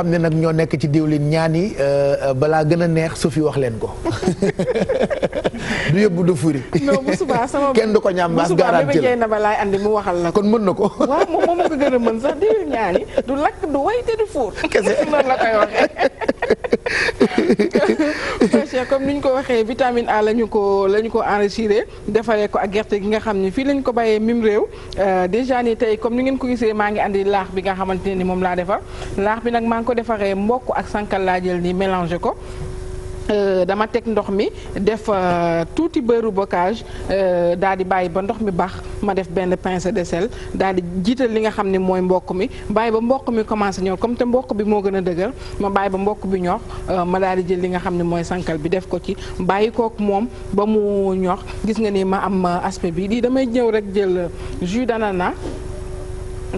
xam ne nag ñoo nekk ci diwlin ñaan yi euh, euh, balaa gën a neex su fi wax leen ko du yóbbu du furi. non bu subaa sama kenn du ko ñaam baas garanti la na ba laay andi mu waxal la kon mën na ko. waaw moom moom ko gën a mën sax di ñaani du lakk du way te du fuur. kese comme ni ñu ko waxee vitamine A la ñu ko la ñu ko enrichiré defaree ko ak gerte gi nga xam ne fii lañ ko bayee mim réew euh, dèjà ni tey comme ni ngeen ko gisee maa ngi andi laax bi nga xamante ne ni moom laa defar laax bi nag maa ngi ko defaree mbokk ak sànqal laa jël nii mélangé ko. Euh, dama teg ndox mi def euh, tuuti beurre bocage euh, daal di bàyyi ba ndox mi baax ma def benn pincée de sel daal di jiital li nga xam ne mooy mbokk mi bàyyi ba mboq mi commencé ñor comme te mboq bi moo gën a dëgër ma bàyyi ba mboq bi ñor ma daal di jël li nga xam ne mooy sankal bi def ko ci bàyyi kook moom ba mu ñor gis nga ni ma am aspect bi lii damay ñëw rek jël jus d'ananas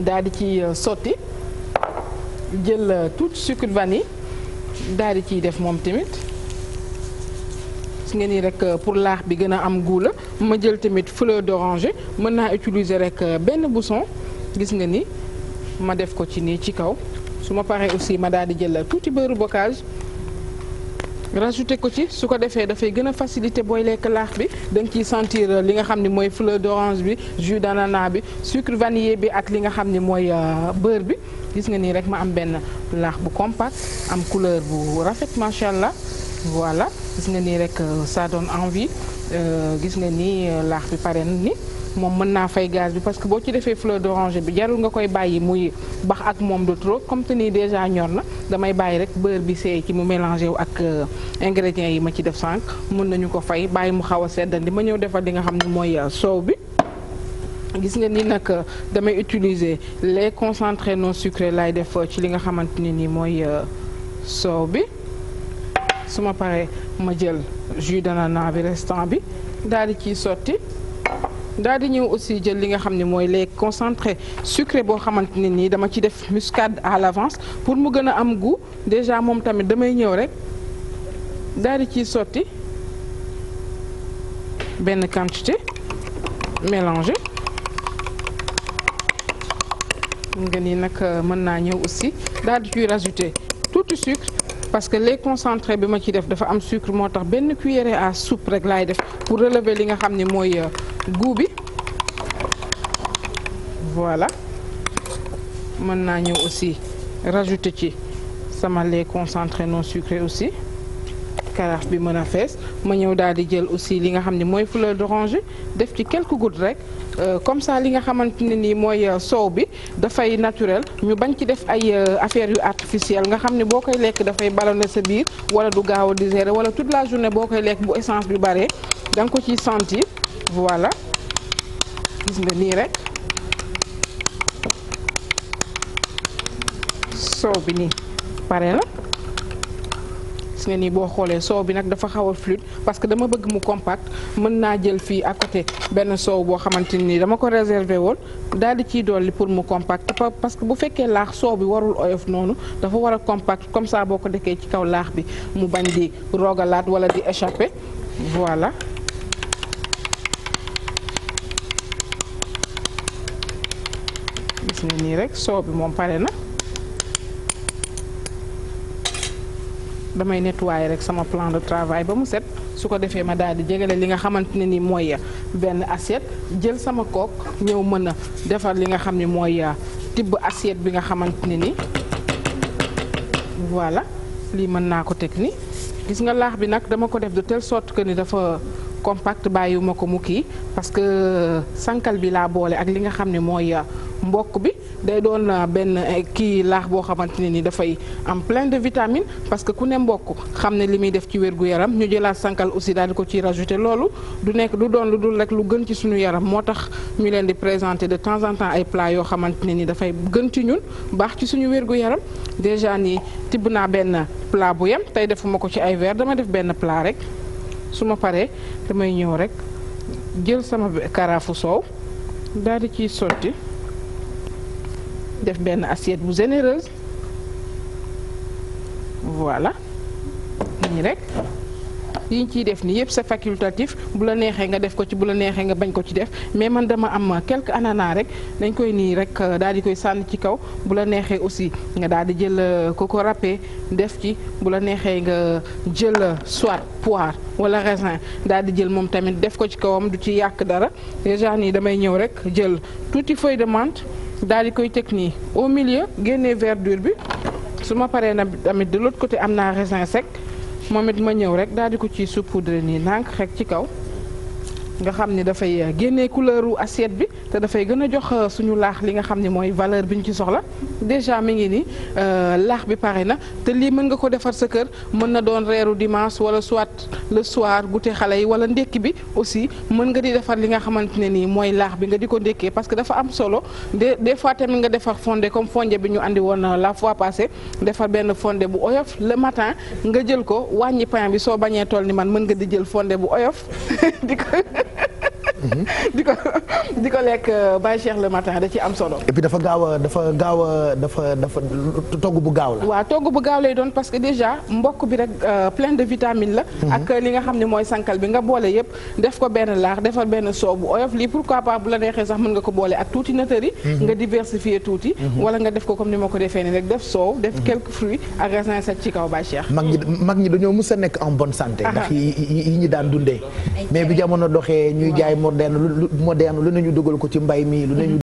daal di ci sotti jël tuuti sucre vanille daal di ciy def moom tamit gis nga ni rek euh, pour laax bi gën a am guula ma jël tamit fleur d'oranger mën naa utiliser rek euh, benn bousson gis nga ni ma def ko ci nii ci kaw su ma paree aussi ma daal di jël tuuti beurre bocage rajouté ko ci su ko defee dafay gën a facilité booy lekk laax bi da nga ciy sentir euh, li nga xam ni mooy fleur d'orange bi jus d'ananas bi sucre vanillé bi ak li nga xam ne mooy beurre bi gis nga nii rek ma am benn laax bu compact am couleur bu rafet macha allah voilà gis nga nii rek euh, ça donne envie euh, gis nga nii euh, laax bi pare ni moom mën naa fay gaz bi parce que boo ci defee fleur d'oranger bi jarul nga koy bàyyi muy bax ak moom de trop comme te ni déjà ñor na damay bàyyi rek beurre bi seey ci mu mélangé wu ak ingrédients yi ma ci def sànq mun nañu ko fay bàyyi mu xaw a seddandi ma ñëw defal li nga xam ne mooy soow bi gis nga ni nag damay utiliser les concentrés non sucrés lay def ci li nga xamante ne ni mooy soow bi su ma paree ma jël jus d'ananas bi restant bi daal di ciy sotti daal di ñëw aussi jël li nga xam ne mooy les concentré sucré boo xamante ne nii dama ci def muscade à l'avance pour mu gën a am goût déjà moom tamit damay ñëw rek daal di ciy sotti benn quantité mélangé nga ni nag euh, mën naa ñëw aussi daal di ciy rajouter tuuti sucre parce que lait concentré bi ma ci def dafa am sucre moo tax benn cuillère à soupe rek laay def pour relever li nga xam ni mooy euh, goût bi voilà mën naa ñëw aussi rajouter ci sama lait concentré non sucré aussi karaaf bi mën a fees ma ñëw daal di jël aussi li nga xam ne mooy fleur d'oranger def ci quelques gouttes rek euh, comme ça li nga xamante ne nii mooy euh, soow bi dafay naturel ñu bañ ci def ay euh, affaire yu artificielle nga xam ne boo koy lekk dafay ballonné sa biir wala du gaaw a digéré wala tout la journée boo koy lekk bu essence bi bare danga ko ciy sentir voilà gis nga nii rek soow bi nii pare la. gis nga ni boo xoolee soow bi nag dafa xaw a parce que dama bëgg mu compact mën naa jël fii à benn soow boo xamante nii dama ko réserver woon daal di ciy dolli pour mu compact parce que bu fekkee laax soow bi warul oyof noonu dafa war a compact comme ça boo ko dekkee ci kaw laax bi mu bañ di rogalaat wala di échapper voilà. gis nga nii rek soow bi moom pare na. damay nettoyer rek sama plan de travail ba mu set su ko defee ma daal di jegale li nga xamante ne ni mooy benn assiette jël sama kook ñëw mën a defar li nga xam ne mooy euh, tibb assiette bi nga xamante ne ni voilà lii mën naa ko teg gis nga laax bi nag dama ko def de telle sorte que ni dafa compact bàyyiwuma ko mu kii parce que euh, sànqal bi laa boole ak li nga xam ne mooy euh, mbokk bi day doon euh, benn euh, kii laax boo xamante ne ni dafay am plein de vitamine parce que ku ne mbokk xam ne li muy def ci wér-gu-yaram ñu jëlaat sànkal aussi daal di ko ci rajouté loolu du nekk du doon lu dul rek lu gën ci suñu yaram moo tax ñu leen di présenté de temps en temps ay plat yoo xamante ne ni dafay gën ci ñun baax ci suñu wér-gu-yaram déjà ni tibb naa benn plat bu yem tey defuma ko ci ay verre dama def benn plat rek su ma paree damay ñëw rek jël sama karaafu soow di ciy sotti def benn assiette bu généreuse voilà nii rek yi ñu ciy def nii yëpp c'est facultatif bu la neexee nga def ko ci bu la neexee nga bañ ko ci def mais man dama am quelques ananas rek dañ koy nii rek euh, daal di koy sànni ci kaw bu la neexee aussi nga daal di jël euh, coco rappe def ci bula neexee nga jël euh, soit poire wala raisin daal di jël moom tamit def ko ci kawam du ci yàq dara déjà nii damay ñëw rek jël tuuti feuille de menthe. daal di koy teg nii au milieu génnee verdure bi su ma paree na tamit de l'autre côté am naa raisin sec moom it ma ñëw rek daal di ko ciy saupoudre nii nànk rek ci kaw. nga xam ni dafay génnee couleur u assiette bi te dafay gën a jox euh, suñu laax li nga xam ni mooy valeur bi ñu ci soxla déjà mi ngi ni euh, laax bi pare na te lii mën nga ko defar sa kër mën na doon reeru dimanche wala soit le soir goûter xale yi wala ndékki bi aussi mën nga di defar li nga xamante ne nii mooy laax bi nga di ko ndékkee parce que dafa am solo des des fois tamit nga defar fondé comme fonde bi ñu andi woon euh, la fois passée defar benn fondé bu oyof le matin nga jël ko wàññi pain bi soo bañee tool ni man mën nga di jël fondé bu oyof di ko ko lekk euh, bàyyi Cheikh le matin da ci am solo. et dafa gaaw dafa gaaw dafa dafa togg bu gaaw la. waaw togg bu gaaw lay doon parce que déjà mbokk bi rek euh, plein de vitamine la. Mhm. ak euh, li nga xam ne mooy sankal bi nga boole yëpp def ko benn laax defal benn soobu oyof lii pourquoi pas bu la neexee sax mën nga ko boole ak tuuti natari. Mhm. nga diversifier tuuti. Mhm. wala nga def ko comme ni ma ko defee nii rek def soow. def quelques fruits ak raisin sec ci kaw bàyyi Cheikh. mag ñi mag ñi dañoo mus a nekk en bonne santé. ndax yi ñi daan dundee. moderne lu moderne lu nañu dugal ko ci mbay mi lu nañu